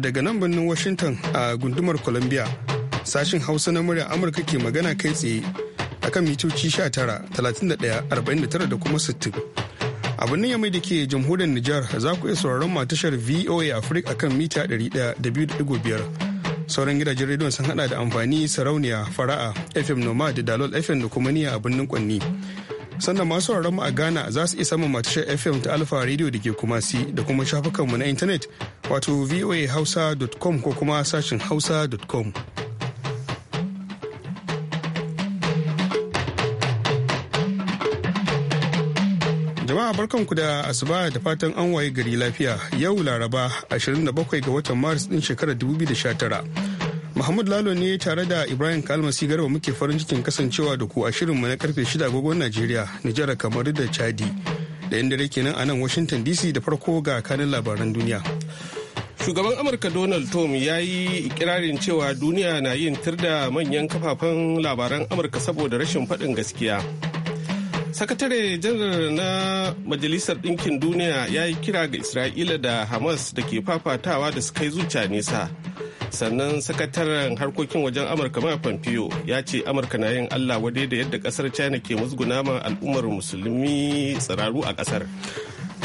daga nan birnin Washington a gundumar Columbia. Sashin Hausa na murya Amurka ke magana kai tsaye akan mitoci 19, da kuma 60. A birnin Yamai da ke jamhuriyar Nijar za ku iya sauraron tashar VOA Africa akan mita 100.5. Sauran gidajen rediyon sun hada da amfani sarauniya fara'a FM Noma da Dalol FM da kuma niya a birnin Kwanni. sannan masu mu a ghana za su iya samun matashar fm ta alfa radio da ke kuma si da kuma shafukanmu na intanet wato voahausa.com ko kuma sashin hausa.com jama'a barkanku da asuba da fatan an waye gari lafiya yau laraba 27 ga watan maris din shekarar 2019 Mahmud Lalo ne tare da Ibrahim Kalmasi Garba muke farin cikin kasancewa da ku a shirinmu na karfe 6 agogon Najeriya, Nijar kamar da Chadi. Da yan dare nan a nan Washington DC da farko ga kanin labaran duniya. Shugaban Amurka Donald Trump ya yi ikirarin cewa duniya na yin tir da manyan kafafen labaran Amurka saboda rashin faɗin gaskiya. Sakatare janar na Majalisar Ɗinkin Duniya ya yi kira ga Isra'ila da Hamas da ke fafatawa da su kai zuciya nesa. sannan sakataren harkokin wajen amurka mara pompeo ya ce amurka na yin allah wadai da yadda kasar china ke musguna ma al'ummar musulmi tsiraru a kasar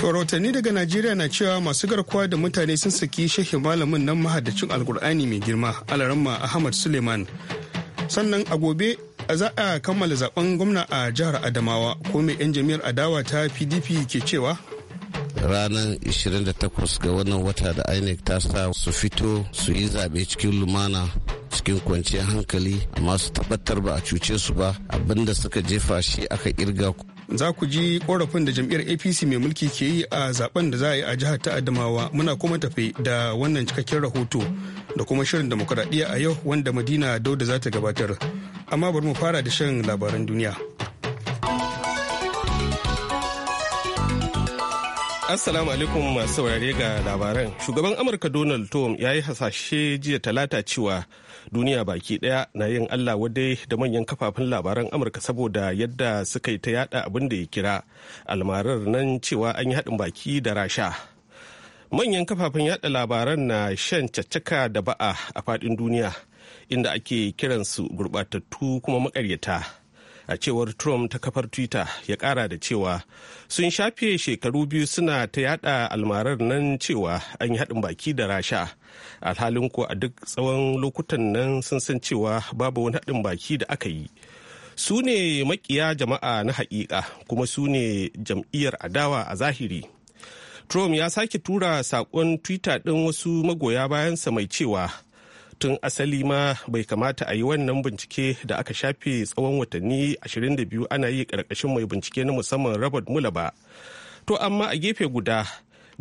rahotanni daga najeriya na cewa masu garkuwa da mutane sun saki shehi malamin nan mahaddacin alkur'ani mai girma alaramma ahmad suleiman sannan a gobe za a kammala zaben gwamna a jihar adamawa ko mai 'yan jami'ar adawa ta pdp ke cewa ranar 28 ga wannan wata da inec ta sa su fito su yi zaɓe cikin lumana cikin kwanciyar hankali amma su tabbatar ba a cuce su ba abinda suka jefa shi aka kirga za ku ji korafin da jam'iyyar apc mai mulki ke yi a zaben da za a yi a jihar ta adamawa muna kuma tafe da wannan cikakken rahoto da kuma shirin demokuraɗiyya a yau wanda madina dauda za ta gabatar amma bari mu fara da shan labaran duniya Assalamu alaikum masu saurare ga labaran. Shugaban Amurka Donald Trump ya yi hasashe jiya talata cewa duniya baki daya na yin Allah wadai da manyan kafafen labaran Amurka saboda yadda suka yi ta yada abin da ya kira almarar nan cewa an yi haɗin baki da rasha. Manyan kafafen yada labaran na shan caccaka da ba'a a faɗin duniya inda ake kiransu gurɓatattu kuma maƙaryata. a cewar trump ta kafar twitter ya kara da cewa sun shafe shekaru biyu suna ta yada almarar nan cewa an yi haɗin baki da rasha alhalin ko a duk tsawon lokutan nan sun san cewa babu wani haɗin baki da aka yi su ne makiya jama'a na haƙiƙa kuma su ne jam'iyyar adawa a zahiri trump ya sake tura saƙon twitter ɗin wasu magoya bayansa mai cewa tun asali ma bai kamata a yi wannan bincike da aka shafe tsawon watanni 22 ana yi ƙarƙashin mai bincike na musamman robert mula ba to amma a gefe guda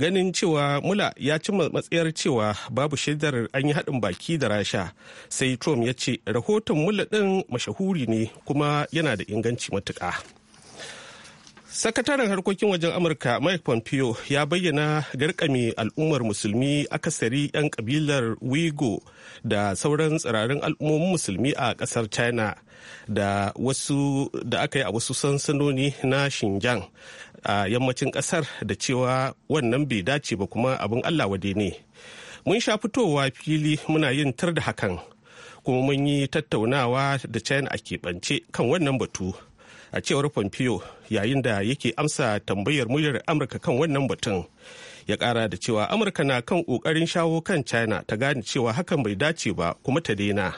ganin cewa mula ya ci matsayar cewa babu shaidar an yi haɗin baki da rasha sai trump ya ce rahoton mula ɗin mashahuri ne kuma yana da inganci matuƙa. Sakataren harkokin wajen Amurka Mike Pompeo ya bayyana garkame al'ummar musulmi akasari 'yan kabilar wigo da sauran tsirarin al'ummomin musulmi a kasar China da wasu da aka yi a wasu sansanoni na Xinjiang a yammacin kasar da cewa wannan bai dace ba kuma abin Allah wade ne. Mun sha fitowa fili muna yin tar da hakan kuma mun yi tattaunawa da China a keɓance kan wannan batu. a cewar pompeo yayin da yake amsa tambayar muryar amurka kan wannan batun ya kara da cewa amurka na kan kokarin shawo kan china ta gane cewa hakan bai dace ba kuma ta daina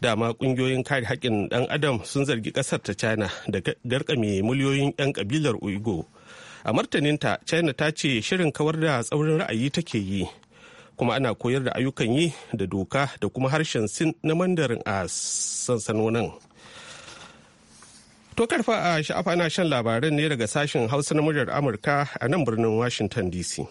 dama ƙungiyoyin kare haƙƙin ɗan adam sun zargi ƙasar ta china da garkame miliyoyin 'yan ƙabilar uigo a martaninta china ta ce shirin kawar da tsaurin ra'ayi take yi kuma ana koyar da ayyukan yi da doka da kuma harshen sin na mandarin a sansanonin To karfa a sha'afa ana shan labaran ne daga sashen Hausa na muryar Amurka a nan birnin Washington DC.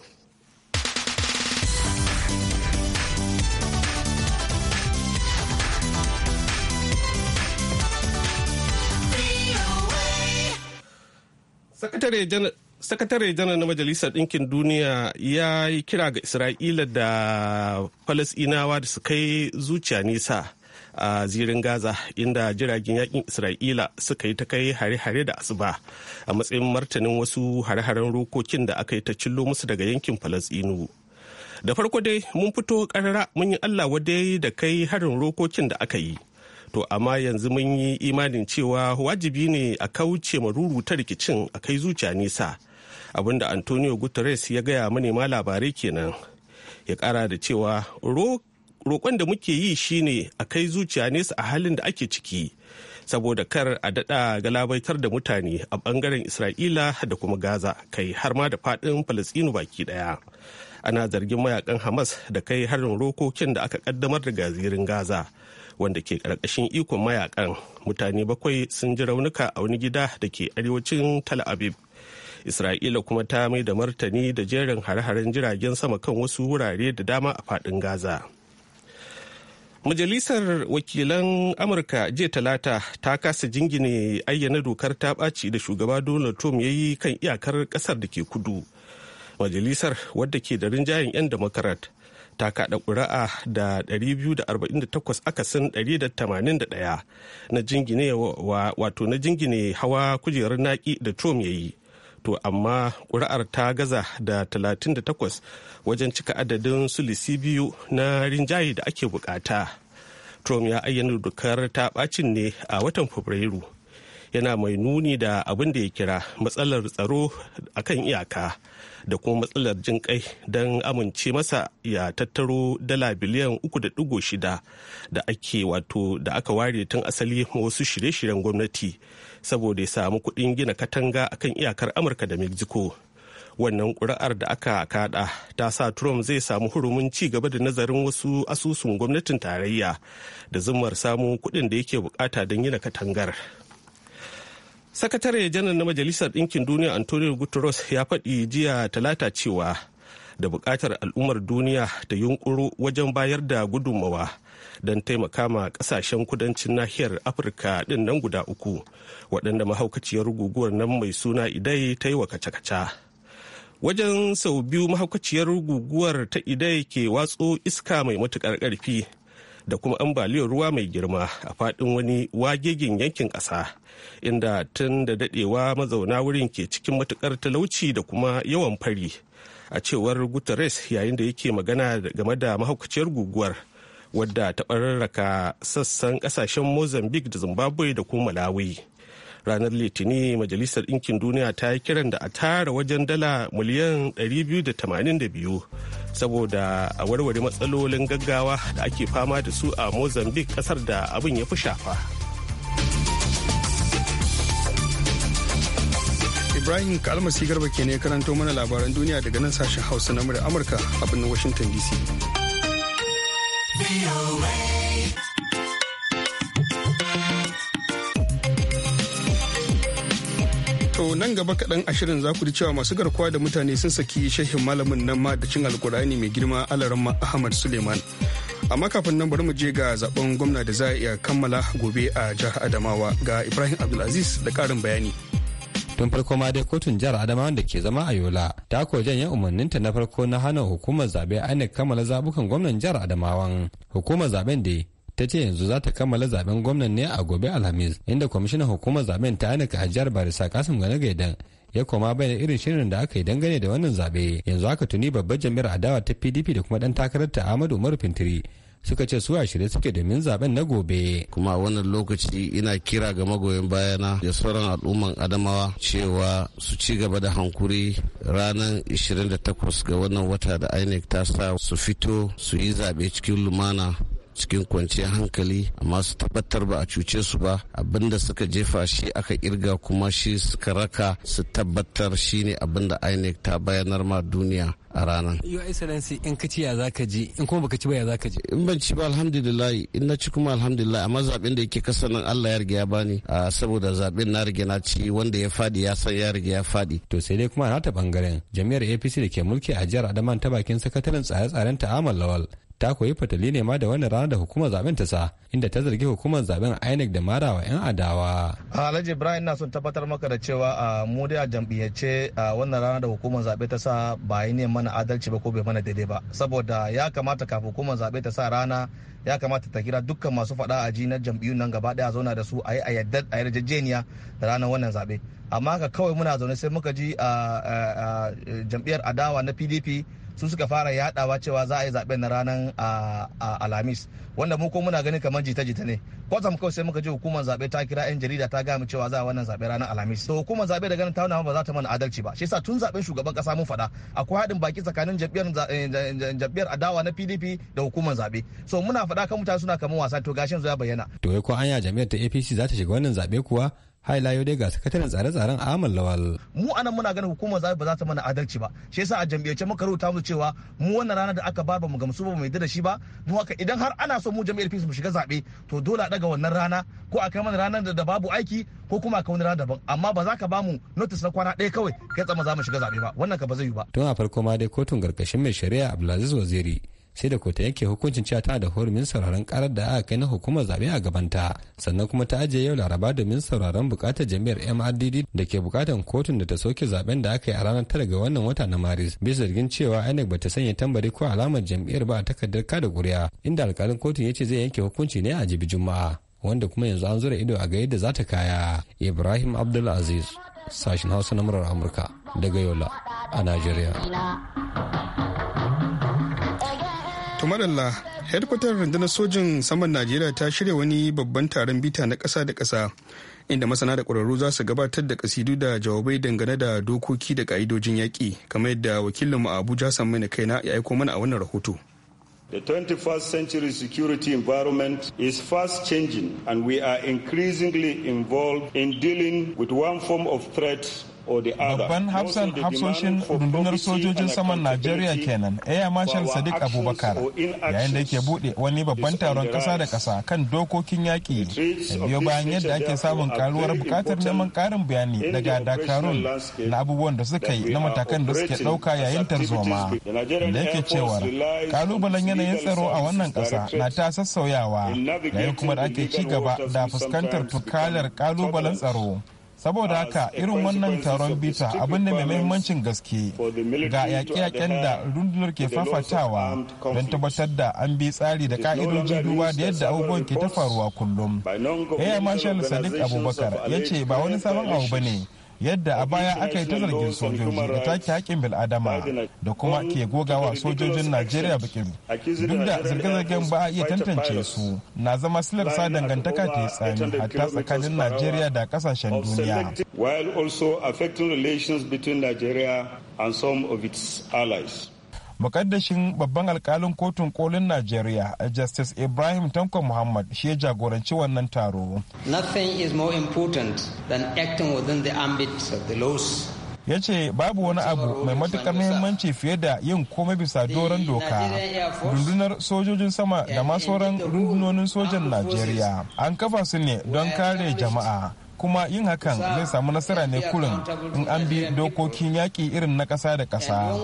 Sakatare janar na Majalisar Ɗinkin Duniya ya yi kira ga Isra'ila da Falasɗinawa da su kai zuciya nisa. a zirin gaza inda jiragen yakin isra'ila suka yi ta kai hare-hare da asuba a matsayin martanin wasu hare-haren rokokin da aka yi ta cillo musu daga yankin falasɗinu da farko dai mun fito karara mun yi allah wadai da kai harin rokokin da aka yi to amma yanzu mun yi imanin cewa wajibi ne a kauce maruru ta rikicin a kai zuciya nisa abinda antonio guterres ya gaya manema labarai kenan ya kara da cewa roƙon da muke yi shine a kai zuciya nesa a halin da ake ciki saboda kar a daɗa galabaitar da mutane a ɓangaren isra'ila da kuma gaza kai har ma da faɗin Falasinu baki ɗaya ana zargin mayakan hamas da kai harin rokokin da aka kaddamar da gazirin gaza wanda ke ƙarƙashin ikon mayakan mutane bakwai sun ji raunuka a wani gida da ke arewacin tel aviv isra'ila kuma ta mai da martani da jerin hare-haren jiragen sama kan wasu wurare da dama a faɗin gaza Majalisar Wakilan Amurka jiya Talata ta kasa jingine ayyana dokar ta ɓaci da shugaba Donald Trump ya yi kan iyakar ƙasar da ke kudu. Majalisar wadda ke da rinjayen 'yan Democrat ta kaɗa ƙuri'a da 248 akasin 181 na jingine wato na jingine hawa kujerar naƙi da Trump ya yi. to amma ƙuri'ar ta gaza da 38 wajen cika adadin sulisi biyu na rinjaye da ake bukata trump ya ayyana dokar ta bacin ne a watan fabrairu yana mai nuni da abin da ya kira matsalar tsaro a kan iyaka da kuma matsalar jin kai don amince masa ya tattaro dala biliyan 3.6 da ake wato da aka ware tun asali wasu shirye-shiryen gwamnati saboda ya samu kuɗin gina katanga a kan iyakar amurka da mexico wannan ƙuri'ar da aka kada ta sa trump zai samu hurumin ci gaba da nazarin wasu asusun gwamnatin tarayya da zumar samun kuɗin da yake bukata don gina katangar sakatare janar na majalisar ɗinkin duniya antonio guterres ya faɗi jiya talata cewa da buƙatar al'ummar duniya ta yunkuru wajen bayar da gudunmawa don taimaka ma ƙasashen kudancin nahiyar afirka ɗin nan guda uku waɗanda mahaukaciyar guguwar nan mai suna idai ta yi wa kaca-kaca wajen sau biyu mahaukaciyar guguwar ta idai ke watso iska mai matuƙar ƙarfi da kuma ambaliyar ruwa mai girma a faɗin wani wagegin yankin ƙasa inda tun da dadewa mazauna wurin ke cikin matukar talauci da kuma yawan fari a cewar guterres yayin da yake magana game da mahaukaciyar guguwar wadda ta ɓararraka sassan ƙasashen mozambique da zimbabwe da kuma malawi ranar litini majalisar ɗinkin duniya ta yi kiran da a tara wajen dala miliyan 282 saboda a warware matsalolin gaggawa da ake fama da su a mozambique kasar da abin ya fi shafa ibrahim kalmasi garba ke ne karanto mana labaran duniya daga nan sashen hausa na amurka a birnin washington dc To nan gaba kaɗan ashirin za ku ji cewa masu garkuwa da mutane sun saki shehin malamin nan ma da cin alkur'ani mai girma alaramma Ahmad Suleiman. Amma kafin nan bari mu je ga zaben gwamna da za a iya kammala gobe a jihar Adamawa ga Ibrahim Abdulaziz da ƙarin bayani. tun farko ma dai kotun jihar adamawa da ke zama a yola ta ko janye umarninta na farko na hana hukumar zabe ainihin kammala zabukan gwamnan jihar adamawan hukumar zaben da ta ce yanzu za ta kammala zaben gwamnan ne a gobe alhamis inda kwamishinan hukumar zaben ta a jihar barisa kasim gane gaidan ya koma bayan irin shirin da aka yi dangane da wannan zabe yanzu aka tuni babbar jami'ar adawa ta pdp da kuma dan takarar ta amadu umaru fintiri suka ce su a shirye suke domin zaben na gobe. Kuma wannan lokaci ina kira ga magoyan bayana da sauran al'umman Adamawa cewa su ci gaba da hankuri ranar 28 ga wannan wata da INEC ta sa su fito su yi zaɓe cikin lumana cikin kwanciyar hankali amma su tabbatar ba a cuce su ba abinda suka jefa shi aka irga kuma shi suka raka su tabbatar shi ne abinda inec ta bayanar ma duniya a ranar. Your Excellency in ka ci ya za ka ji in kuma baka ci ba ya za ka ji. In ban ci ba alhamdulillah in na ci kuma alhamdulillah amma zaben da yake kasa nan Allah ya riga ya bani ah, saboda zaben na riga na ci wanda ya fadi ya san ya riga ya fadi. To sai dai kuma na ta bangaren jami'ar APC da ke mulki a jihar Adaman ta bakin sakataren tsare-tsaren ta Amal Lawal ta koyi fatali ne ma da wannan rana da hukumar zaben ta sa inda ta zargi hukumar zaben INEC da mara wa 'yan adawa. Alhaji Ibrahim na son tabbatar maka da cewa a mu a jam'iyyace a wannan rana da hukumar zabe ta sa ba yi ne mana adalci ba ko bai mana daidai ba saboda ya kamata kafin hukumar zabe ta sa rana ya kamata ta kira dukkan masu faɗa a ji na jam'iyyun nan gaba daya zauna da su a yi a yarjejeniya da ranar wannan zabe amma haka kawai muna zaune sai muka ji a jam'iyyar adawa na PDP su suka fara yadawa cewa za a yi zaben na ranar alhamis wanda mu ko muna ganin kamar jita-jita ne kwatsam kawai sai muka ji hukumar zaɓe ta kira yan jarida ta gaya mu cewa za a wannan zaɓe ranar alhamis to hukumar zaɓe da ganin tauna ba za ta mana adalci ba shi yasa tun zaɓen shugaban kasa mun faɗa akwai haɗin baki tsakanin jabiyar eh, eh, adawa na pdp da hukumar zaɓe so muna faɗa kan mutane suna kamar wasa to gashin zo bayyana to ko anya jami'ar ta apc za ta shiga wannan zaɓe kuwa hailayo dai ga sakataren tsare-tsaren amal lawal mu anan muna ganin hukumar zaɓe ba za ta mana adalci ba shi yasa a jam'iyyance muka rubuta mu cewa mu wannan rana da aka ba ba mu gamsu ba mu yarda da shi ba mu haka idan har ana so mu jam'iyyar peace mu shiga zaɓe to dole a daga wannan rana ko a kai mana ranar da babu aiki ko kuma a kai wani rana daban amma ba za ka ba mu notice na kwana ɗaya kawai kai tsama za mu shiga zaɓe ba wannan ka ba zai yi ba tun a farko ma dai kotun garkashin mai shari'a Abdulaziz Waziri sai da kota yake hukuncin cewa tana da hurumin sauraron karar da aka kai na hukumar zaɓe a gabanta sannan kuma ta ajiye yau laraba domin sauraron bukatar jami'ar mrdd da ke bukatar kotun da ta soke zaben da aka yi a ranar tara ga wannan wata na maris bisa zargin cewa inec bata sanya tambari ko alamar jami'ar ba a takardar kada kuri'a inda alkalin kotun ya ce zai yanke hukunci ne a jibi juma'a wanda kuma yanzu an zura ido a ga yadda za ta kaya ibrahim aziz sashen hausa na murar amurka daga yola a najeriya To madalla, hedkwatar rundunar sojin saman Najeriya ta shirya wani babban taron bita na ƙasa da kasa inda masana da ƙwararru za su gabatar da kasidu da jawabai dangane da dokoki da ƙa'idojin yaƙi kamar yadda wakilinmu a Abuja Samai na kaina ya aiko mana a wannan rahoto. The 21st century security environment is fast changing, and we are increasingly involved in dealing with one form of threat Babban hafsan hafsoshin rundunar sojojin saman Najeriya kenan, Air Marshal Sadiq Abubakar, yayin da yake bude wani babban taron kasa da kasa kan dokokin yaƙi da biyo bayan yadda ake samun karuwar bukatar neman karin bayani daga Dakarun na abubuwan da suka yi na matakan da suke dauka yayin tarzoma. Da yake cewar kalubalen yanayin tsaro a wannan kasa na ta sassauyawa yayin kuma da ake ci gaba da fuskantar tukalar kalubalen tsaro. saboda haka irin wannan taron bita abin da mai mahimmancin gaske ga yaƙe-yaƙen da rundunar ke fafatawa don tabbatar da an bi tsari da ƙa'idojin duba da yadda abubuwan ke ta faruwa kullum. Yaya Marshal Sadiq Abubakar ya ce ba wani sabon abu ba ne yadda a baya aka yi ta zargin sojoji da take haƙƙin bil'adama da kuma ke gogawa sojojin najeriya bikin duk da zirga zirgen ba a iya tantance su na zama silar sa dangantaka ta tsami hatta tsakanin najeriya da kasashen duniya while also affecting relations between nigeria and some of its allies mukaddashin babban alkalin kotun kolin najeriya justice ibrahim tanko muhammad shi ya jagoranci wannan taro nothing is more important than acting within the ambit of the laws ya ce babu wani abu mai matukar muhimmanci fiye da yin komai bisa doron doka rundunar sojojin sama da ma sauran rundunonin sojan najeriya an kafa su ne don kare jama'a kuma yin hakan zai samu nasara ne kurin in an bi dokokin yaƙi irin na ƙasa da ƙasa.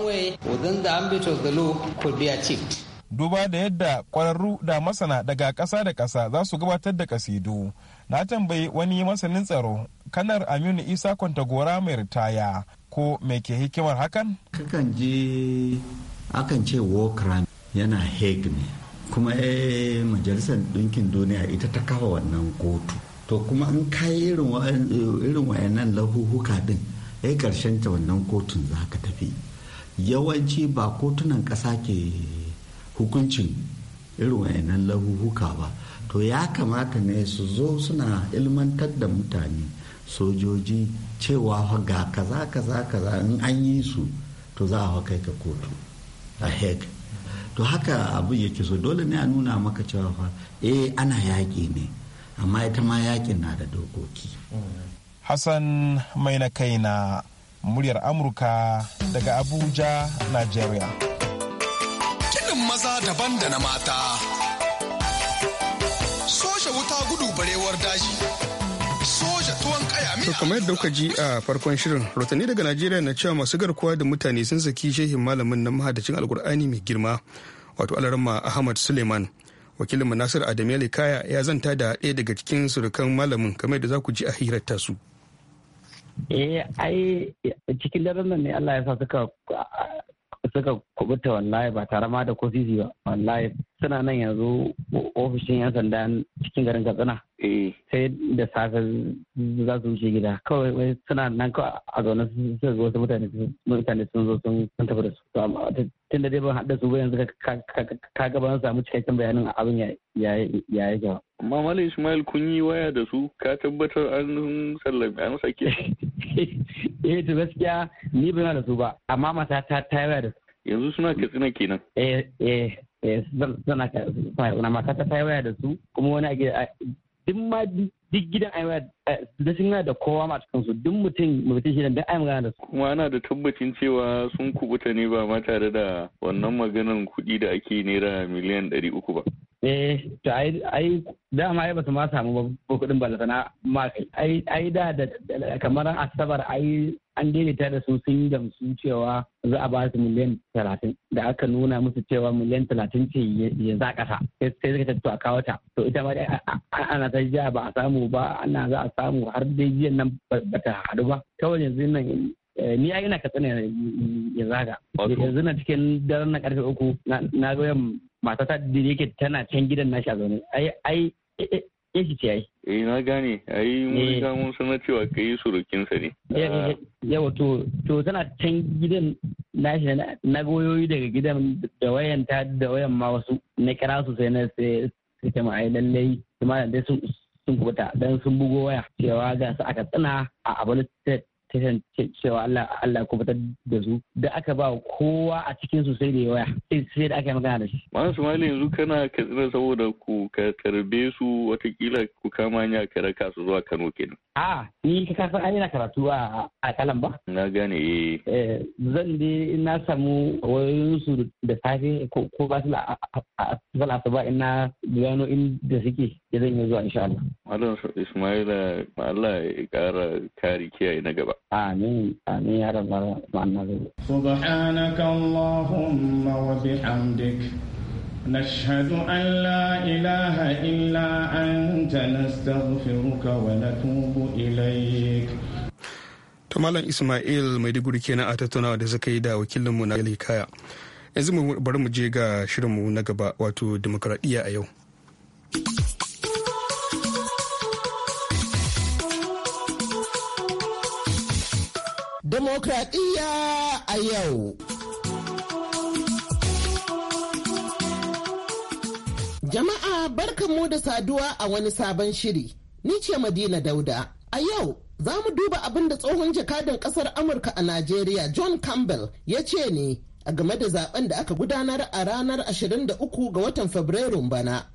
Duba da yadda ƙwararru da masana daga ƙasa da ƙasa za su gabatar da kasidu. Na tambayi wani masanin tsaro, kanar Aminu Isa Kwantagora mai ritaya ko mai ke hikimar hakan? Kakan je akan ce war crime yana Hague ne. Kuma eh majalisar ɗinkin duniya ita ta kafa wannan kotu. to kuma in ka yi irin wayannan lahuhuka din ya karshen ta wannan kotun za ka tafi yawanci ba kotunan ƙasa ke hukuncin irin wayannan lahuhuka ba to ya kamata ne su zo suna ilmantar da mutane sojoji cewa ga kaza kaza kaza in an yi su to za a kai ka kotu a heg to haka abu yake so dole ne a nuna maka cewa fa eh ana yaƙi ne amma ita ma yakin na da dokoki hassan mai na kai na muryar amurka daga abuja nigeria kinin maza daban da na mata soja wuta gudu barewar daji To kamar yadda kuka ji a farkon shirin rotani daga Najeriya na cewa masu garkuwa da mutane sun saki shehin malamin na mahadacin alkur'ani mai girma wato alarma Ahmad Suleiman wakilinmu nasir adamele kaya ya zanta da ɗaya daga cikin surukan malamin kamar da za ku ji a hirar tasu eh ai cikin daren nan ne allah ya sa suka suka kubuta wallahi ba tare ma da ko sisi ba wallahi suna nan yanzu ofishin yan sanda cikin garin katsina eh. sai da safe za su wuce gida kawai suna nan ka a zaune suka zo wasu mutane sun zo sun tafi da su tun da dai ban haɗa su ba yanzu ka ga ban samu cikakken bayanin abin ya yake ba amma malam ismail kun yi waya da su ka tabbatar an sallami an sake eh to gaskiya ni ba da su ba amma mata ta ta waya da su yanzu suna katsina kenan eh eh eh suna katsina mata ta ta waya da su kuma wani a duk ma duk gidan aiwa da sun da kowa ma cikin su duk mutum mutum shi da ai magana da su kuma ana da tabbacin cewa sun kubuta ne ba ma tare da wannan maganan kuɗi da ake naira miliyan ɗari uku ba eh to ai ai dama ai basu ma samu ba kudin ba sana ma ai ai da kamar asabar ai an daidaita da su sun gamsu cewa za a ba su miliyan talatin da aka nuna musu cewa miliyan talatin ce ya za kasa sai suka to a kawata to ita ma ana ta jiya ba a samu ba ana za a samu har dai jiyan nan ba ta haɗu ba kawai yanzu nan Eh, ni ai ina katsina ya zaga yanzu na cikin daren na karfe uku na ga yan matata da yake tana can gidan nashi a zaune ai ai eh, eh, ya shi ce ai eh na gane ai mun ga mun sanar cewa yi surukin sa ne yawa to to tana can gidan nashi na goyoyi daga gidan da wayan ta da wayan ma wasu na kira su sai na sai sai ta ma'ai lallai kuma da sun sun kubuta dan sun bugo waya cewa ga su aka tsina a abin ta cewa Allah Allah kubutar da su da aka ba kowa a cikin su sai da yawa sai da aka yi magana da shi. Malam Sumali yanzu kana katsina saboda ku karbe su watakila ku kama ya ka raka su zuwa Kano kenan. A ah. ni ka kasan an yana karatu a kalan ba. Na gane eh. eh zan je ina samu samu wayoyinsu da safe ko ba su ba ina gano inda suke ya zan yi zuwa insha Allah. Malam Ismaila Allah ya kara kari kiyaye na gaba. Amin amin ya rabbal alamin. Subhanaka Allahumma wa bihamdik. نشهد أن لا إله إلا أنت نستغفرك ونتوب إليك to malam ismail maiduguri kenan a tattaunawa da suka yi da wakilinmu na kaya yanzu mu bari mu je ga shirinmu na gaba wato demokradiyya a yau demokradiyya a yau Jama'a mu da saduwa a wani sabon shiri. Ni ce Madina Dauda. A yau za mu duba abin da tsohon jakadan kasar Amurka a Najeriya John Campbell ya ce ne a game da zaben da aka gudanar a ranar 23 ga watan Fabrairun bana.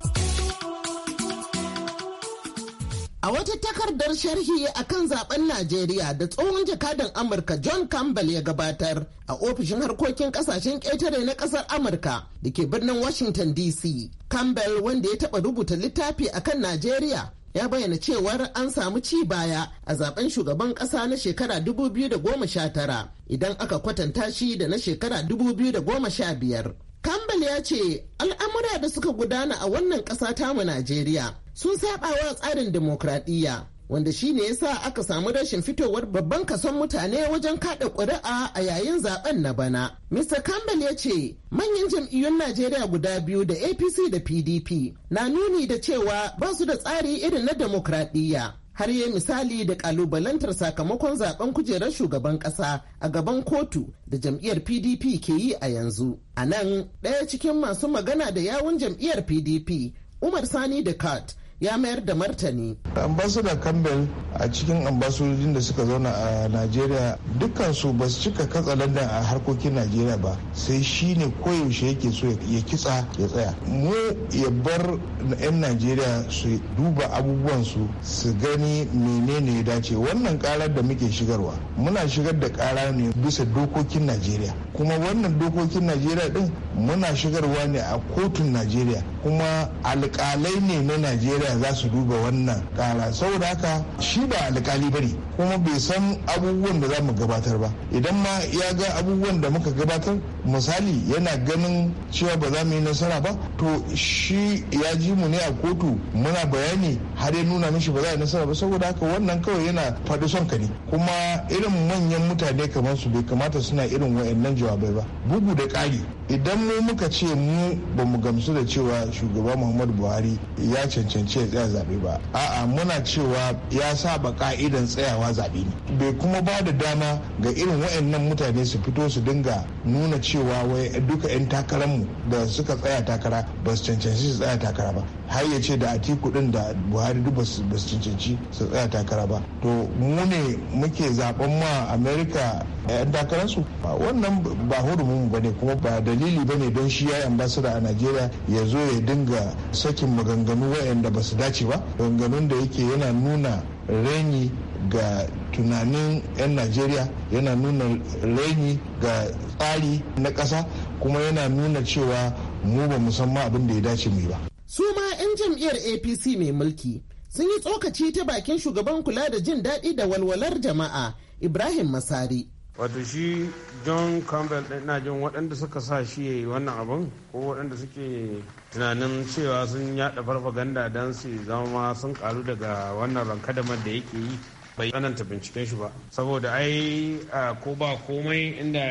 A wata takardar sharhi a kan zaben Najeriya da tsohon jakadan Amurka John Campbell ya gabatar a ofishin harkokin kasashen ƙetare na ƙasar Amurka da ke birnin Washington DC. Campbell wanda ya taɓa rubuta littafi a kan Najeriya ya bayyana cewar an samu ci baya a zaben shugaban ƙasa na shekara 2019 idan aka kwatanta shi da na shekara 2015. Campbell ya ce al'amura da suka gudana a wannan ƙasa tamu Najeriya sun saba wa tsarin demokradiyya wanda shi ne yasa aka samu rashin fitowar babban kason mutane wajen kada ƙuri'a a yayin zaben na bana. Mr. Campbell ya ce manyan jam'iyyun Najeriya guda biyu da APC da PDP na nuni da cewa ba su da tsari irin na demokradiyya. Har yi misali da kalubalantar sakamakon zaben kujerar shugaban ƙasa a gaban kotu da jam'iyyar PDP ke yi a yanzu. A nan ɗaya cikin masu magana da yawun jam'iyyar PDP Umar Sani da Kat ya mayar da martani. ambasada campbell a cikin ambasodojin da suka zauna a najeriya dukkansu ba su cika katsalandan a harkokin najeriya ba sai shi ne koyaushe yake so ya kitsa ya tsaya mu ya bar na 'yan najeriya su duba abubuwansu su gani menene ya dace wannan karar da muke shigarwa muna shigar da kara ne bisa dokokin najeriya kuma wannan dokokin najeriya din muna shigarwa ne a kotun najeriya kuma alkalai ne na najeriya za su duba wannan kara saboda haka shi ba alkali bane kuma bai san abubuwan da za mu gabatar ba idan ma ya ga abubuwan da muka gabatar misali yana ganin cewa ba za mu yi nasara ba to shi ya ji mu ne a kotu muna bayani har ya nuna mishi ba za a yi nasara ba saboda haka wannan kawai yana faɗi son ka ne kuma irin manyan mutane kamar su bai kamata suna irin wa'annan jawabai ba bugu da ƙari idan mu muka ce mu ba mu gamsu da cewa shugaba muhammadu buhari ya cancanci ya tsaya zaɓe ba a'a muna cewa ya saba ka'idan tsayawa dama zaɓe ne bai kuma ba da dama ga irin waɗannan mutane su fito su dinga nuna cewa wai duka 'yan takararmu da suka tsaya takara ba su cancanci su tsaya takara ba har ya ce da a tiku din da buhari duk ba su cancanci su tsaya takara ba to mu ne muke zaben ma america 'yan takararsu wannan ba hurumin ba ne kuma ba dalili ba ne don shi ya ambasada a najeriya ya zo ya dinga sakin maganganu waɗanda ba su dace ba maganganun da yake yana nuna reni ga tunanin 'yan najeriya yana nuna raini ga tsari na ƙasa kuma yana nuna cewa mu ba musamman abin da ya dace mu ba su ma 'yan jam'iyyar apc mai mulki sun yi tsokaci ta bakin shugaban kula da jin daɗi da walwalar jama'a ibrahim masari wato shi john campbell na jin waɗanda suka sa shi ya yi wannan abin ko waɗanda suke tunanin cewa sun yada farfaganda don su zama sun karu daga wannan rankadamar da yake yi bai tsananta binciken shi ba saboda ai ko ba komai inda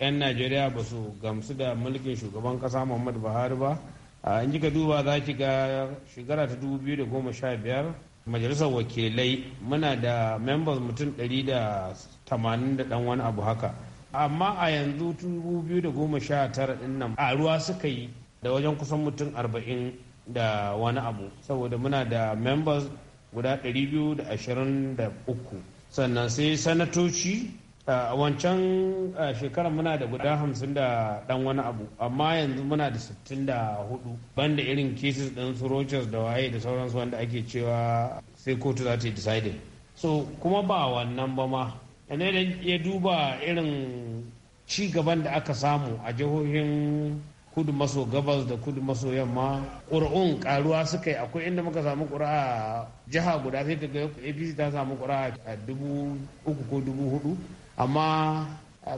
'yan najeriya ba su gamsu da mulkin shugaban kasa muhammadu buhari ba in ji ka duba za ki ga shekara ta 2015 majalisar wakilai muna da members mutum 180 da dan wani abu haka amma a yanzu 2019 din nan a ruwa suka yi da wajen kusan mutum arba'in da wani abu saboda muna da membas. guda 223 sannan sai sanatoci a wancan shekarar muna da guda hamsin da dan wani abu amma yanzu muna da sittin banda irin cases din su rogers da waye da sauransu wanda ake cewa sai kotu za ta yi decide so kuma ba wannan ba ma yanayi da ya duba irin ci gaban da aka samu a jihohin kudu maso gabas da kudu maso yamma ƙuri'un karuwa suka yi akwai inda muka samu ƙuri'a jiha guda sai ka ga apc ta samu ƙuri'a a dubu uku ko dubu hudu amma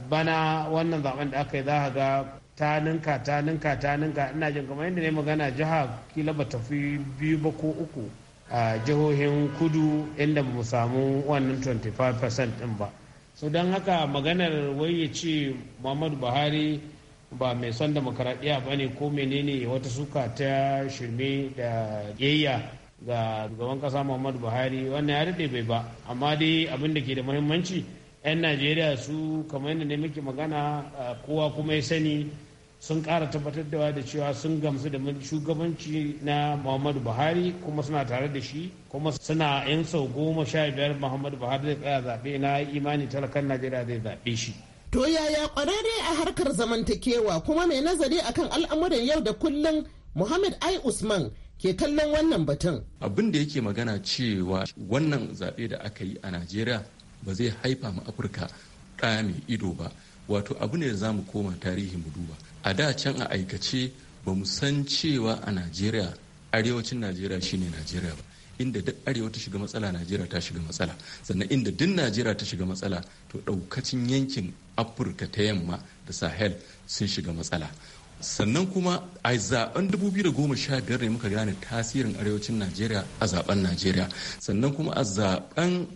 bana wannan zaben da aka yi za ga ta ninka ta ninka ta ninka ina jin kamar yadda ne magana jiha kila ba tafi biyu ba ko uku a jihohin kudu inda mu samu wannan 25% din ba so don haka maganar wai ya ce muhammadu buhari ba mai son demokaradiyya ba ne ko menene wata suka ta shirme da yayya ga shugaban kasa muhammadu buhari wannan ya daɗe bai ba amma dai abin da ke da muhimmanci 'yan najeriya su kamar yadda ne muke magana kowa kuma ya sani sun ƙara tabbatar da cewa sun gamsu da shugabanci na muhammadu buhari kuma suna tare da shi kuma suna 'yan sau goma sha biyar muhammadu buhari zai tsaya zaɓe na imani talakan najeriya zai zaɓe shi To yaya kwararre a harkar zamantakewa kuma mai nazari akan al'amuran yau da kullum Muhammad Ai Usman ke kallon wannan batun. Abin da yake magana cewa wannan zaɓe da aka yi a Najeriya ba zai haifa mu Afirka ɗaya mai ido ba. Wato abu ne da za mu koma tarihi mu duba. A da can a aikace ba mu san cewa a Najeriya arewacin Najeriya shine Najeriya ba. inda duk arewa ta shiga matsala najeriya ta shiga matsala sannan inda duk najeriya ta shiga matsala to daukacin yankin afirka ta yamma da sahel sun shiga matsala sannan kuma a zaben 2015 ne muka gane tasirin arewacin najeriya a zaben najeriya sannan kuma a zaben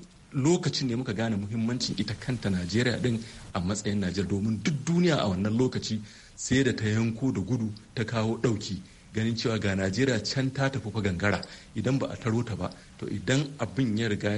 lokacin ne muka gane muhimmancin ita kanta najeriya din a matsayin najeriya domin duk duniya a wannan lokaci sai da ta yanko da gudu ta kawo dauki ganin cewa ga najeriya can ta tafi fa gangara idan ba a taro ta ba to idan abin ya riga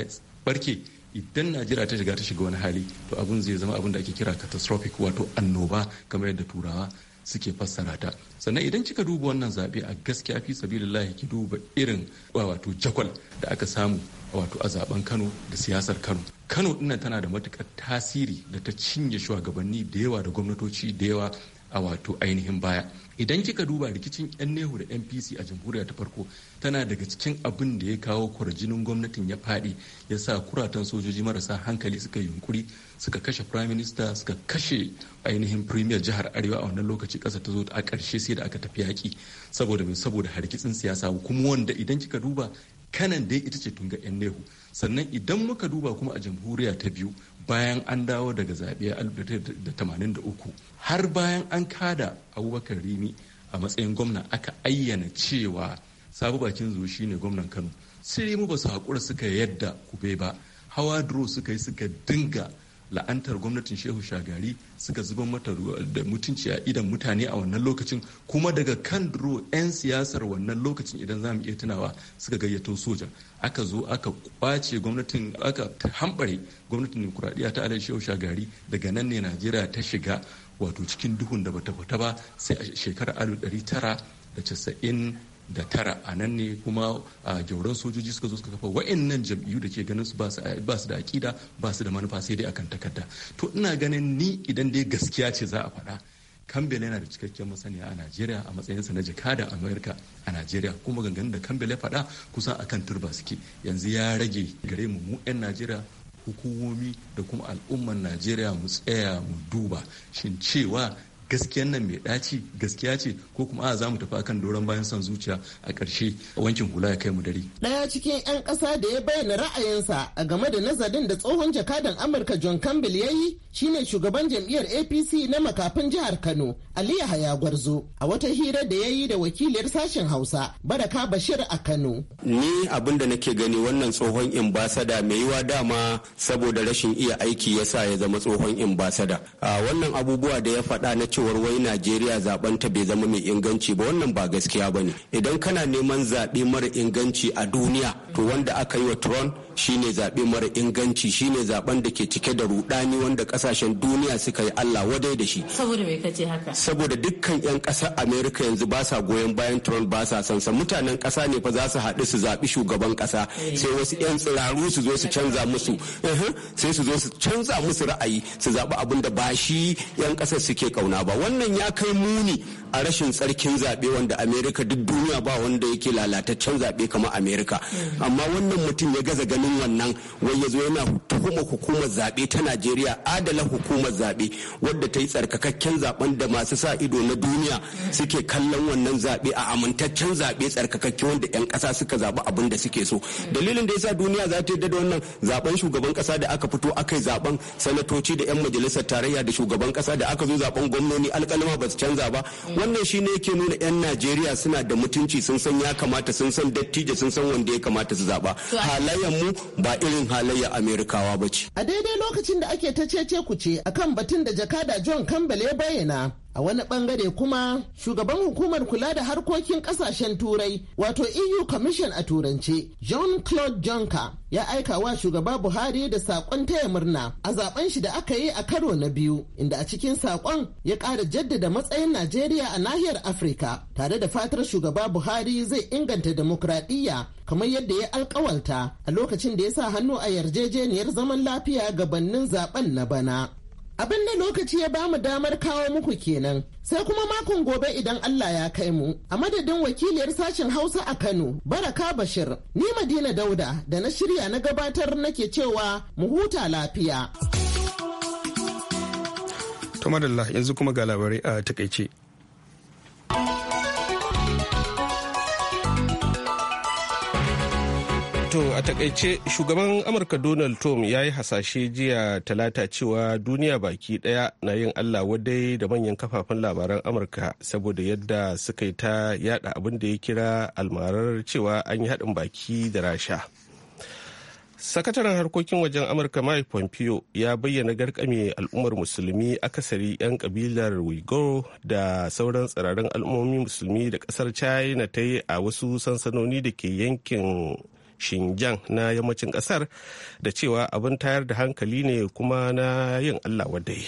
barke idan najeriya ta shiga ta shiga wani hali to abin zai zama abin da ake kira catastrophic wato annoba kamar yadda turawa suke fassara ta sannan idan kika duba wannan zaɓe a gaskiya fi sabilillahi ki duba irin wato jakwal da aka samu wato a zaben kano da siyasar kano kano dinnan tana da matukar tasiri da ta cinye shugabanni da yawa da gwamnatoci da yawa a wato ainihin baya idan kika duba rikicin yan nehu da npc a jamhuriya ta farko tana daga cikin abin da ya kawo kwarjinin gwamnatin ya faɗi ya sa kuratan sojoji marasa hankali suka yunkuri suka kashe prime minister suka kashe ainihin premier jihar arewa a wannan lokaci kasa ta zo a karshe sai da aka tafi yaƙi saboda mai saboda hargitsin siyasa kuma wanda idan kika duba kanan dai ita ce tunga yan nehu sannan idan muka duba kuma a jamhuriya ta biyu bayan an dawo daga zaɓe 1983 har bayan an kada abubakar rimi a matsayin gwamna aka ayyana cewa sabu bakin zuwa shine gwamnan kano sai mu ba su haƙura suka yadda kube ba hawa duro suka yi suka dinga la'antar gwamnatin shehu shagari suka zuba mata da mutunci a idan mutane a wannan lokacin kuma daga kan duro 'yan siyasar wannan lokacin idan za mu iya tunawa suka gayyato soja aka zo aka kwace gwamnatin aka hambare gwamnatin demokuraɗiyya ta alai shehu shagari daga nan ne najeriya ta shiga wato cikin duhun da bata fita ba sai a shekarar 1990 da tara a nan ne kuma a gyauran sojoji suka zo suka kafa wa'annan jam'iyyu da ke ganin su ba su da akida ba su da manufa sai dai akan takarda to ina ganin ni idan dai gaskiya ce za a faɗa kambel yana da cikakken masaniya a najeriya a matsayinsa na jakadan amurka a najeriya kuma ganganin da kambe ya faɗa kusan akan turba suke yanzu ya rage gare mu mu 'yan najeriya hukumomi da kuma al'ummar najeriya mu tsaya mu duba shin cewa gaskiyan nan mai ɗaci gaskiya ce ko kuma a za mu tafi akan doron bayan son zuciya a ƙarshe wankin hula ya kai mu dare. Ɗaya cikin 'yan ƙasa da ya bayyana ra'ayinsa a game da nazarin da tsohon jakadan Amurka John Campbell ya yi shine shugaban jam'iyyar APC na makafin jihar Kano Ali Yahaya Gwarzo a wata hira da ya yi da wakiliyar sashen Hausa Baraka Bashir a Kano. Ni abin da nake gani wannan tsohon imbasada mai yiwa dama saboda rashin iya aiki yasa ya zama tsohon imbasada. Wannan abubuwa da ya faɗa na cewa cewar wai najeriya zaben ta bai zama mai inganci ba wannan ba gaskiya ba ne idan kana neman zaɓe mara inganci a duniya to wanda aka yi wa trump shine zaɓe mara inganci shine zaben da ke cike da rudani wanda kasashen duniya suka yi Allah wadai da shi saboda me kace haka saboda dukkan yan ƙasar America yanzu ba sa goyon bayan Trump ba sa sansa mutanen ƙasa ne fa za su haɗu su zaɓi shugaban ƙasa eh. sai wasu yan tsiraru su zo su canza musu sai su zo su canza musu ra'ayi su zaɓi abin da ba shi yan ƙasar suke kauna ba wannan ya kai muni a rashin tsarkin zaɓe wanda Amerika duk duniya ba wanda yake lalataccen zaɓe kamar Amerika eh. amma wannan mutum ya gaza ganin halin wannan wai ya zo yana tuhuma hukumar zaɓe ta najeriya adala hukumar zaɓe wadda ta yi tsarkakakken zaɓen da masu sa ido na duniya suke kallon wannan zaɓe a amintaccen zaɓe tsarkakakke wanda 'yan ƙasa suka zaɓi abin da suke so dalilin da yasa duniya za ta yarda da wannan zaɓen shugaban ƙasa da aka fito aka yi zaben sanatoci da 'yan majalisar tarayya da shugaban ƙasa da aka zo zaɓen gwamnoni alƙalama ba su canza ba wannan shine yake nuna 'yan najeriya suna da mutunci sun san ya kamata sun san dattijo sun san wanda ya kamata su zaɓa halayen mu ba irin halayya amerikawa ba ce a daidai lokacin da ake ta cece kuce akan batun da jakada john campbell ya bayyana A wani bangare kuma shugaban hukumar kula da harkokin kasashen turai wato EU Commission a turance John Claude Juncker ya aika wa shugaba Buhari da sakon ya murna a zaben shi da aka yi a karo na biyu inda a cikin saƙon ya ƙara jaddada matsayin Najeriya a nahiyar Afirka tare da fatar shugaba Buhari zai inganta demokradiyya kamar yadda ya alkawalta a lokacin da ya sa hannu a yarjejeniyar zaman lafiya gabanin zaben na bana. Abin da lokaci ya bamu damar kawo muku kenan. Sai kuma makon gobe idan Allah ya kai mu. A madadin wakiliyar sashen Hausa a Kano, Baraka Bashir, ni Madina Dauda da na shirya na gabatar nake cewa mu huta lafiya. To madalla yanzu kuma ga labarai a takaice. To a takaice shugaban Amurka Donald Trump ya yi hasashe jiya talata cewa duniya baki daya na yin Allah wadai da manyan kafafen labaran Amurka saboda yadda suka yi ta yada abin da ya kira almarar cewa an yi haɗin baki da rasha. Sakataren harkokin wajen Amurka Mike Pompeo ya bayyana garkame al'ummar musulmi akasari 'yan kabilar Uyghur da sauran tsirarin al'ummomi musulmi da kasar China ta yi a wasu sansanoni da ke yankin Xinjiang na yammacin kasar da cewa abin tayar da hankali ne kuma na yin Allah wadai.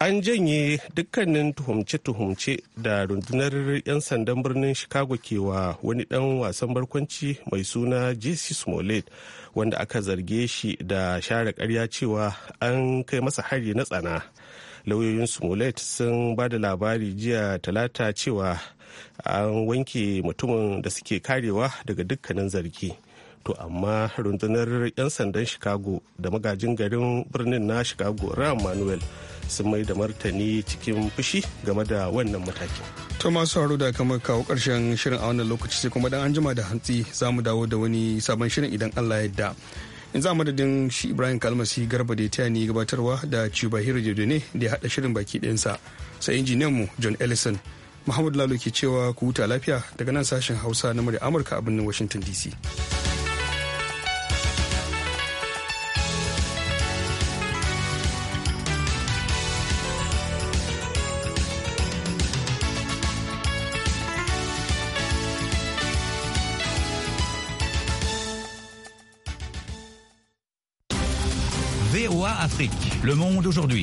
An janye dukkanin tuhumce-tuhumce da rundunar 'yan sandan birnin Chicago kewa wani ɗan wasan barkwanci mai suna JC Smollett wanda aka zarge shi da share karya cewa an kai masa hari na tsana. Lauyoyin Smollett sun ba da labari jiya talata cewa an wanke mutumin da suke karewa daga dukkanin zargi to amma rundunar 'yan sandan chicago da magajin garin birnin na chicago ram manuel sun mai da martani cikin fushi game da wannan matakin. To masu haro da kamar kawo karshen shirin a wannan lokaci sai kuma dan anjima da hantsi za mu dawo da wani sabon shirin idan Allah ya yarda. In za madadin shi Ibrahim Kalmasi Garba da ta ni gabatarwa da chuba Hiro ne da ya hada shirin baki ɗinsa sai injiniyanmu John Ellison. Muhammadu Lalo ke cewa ku huta lafiya daga nan sashen Hausa na murya Amurka a Washington DC. Afrique. Le monde aujourd'hui.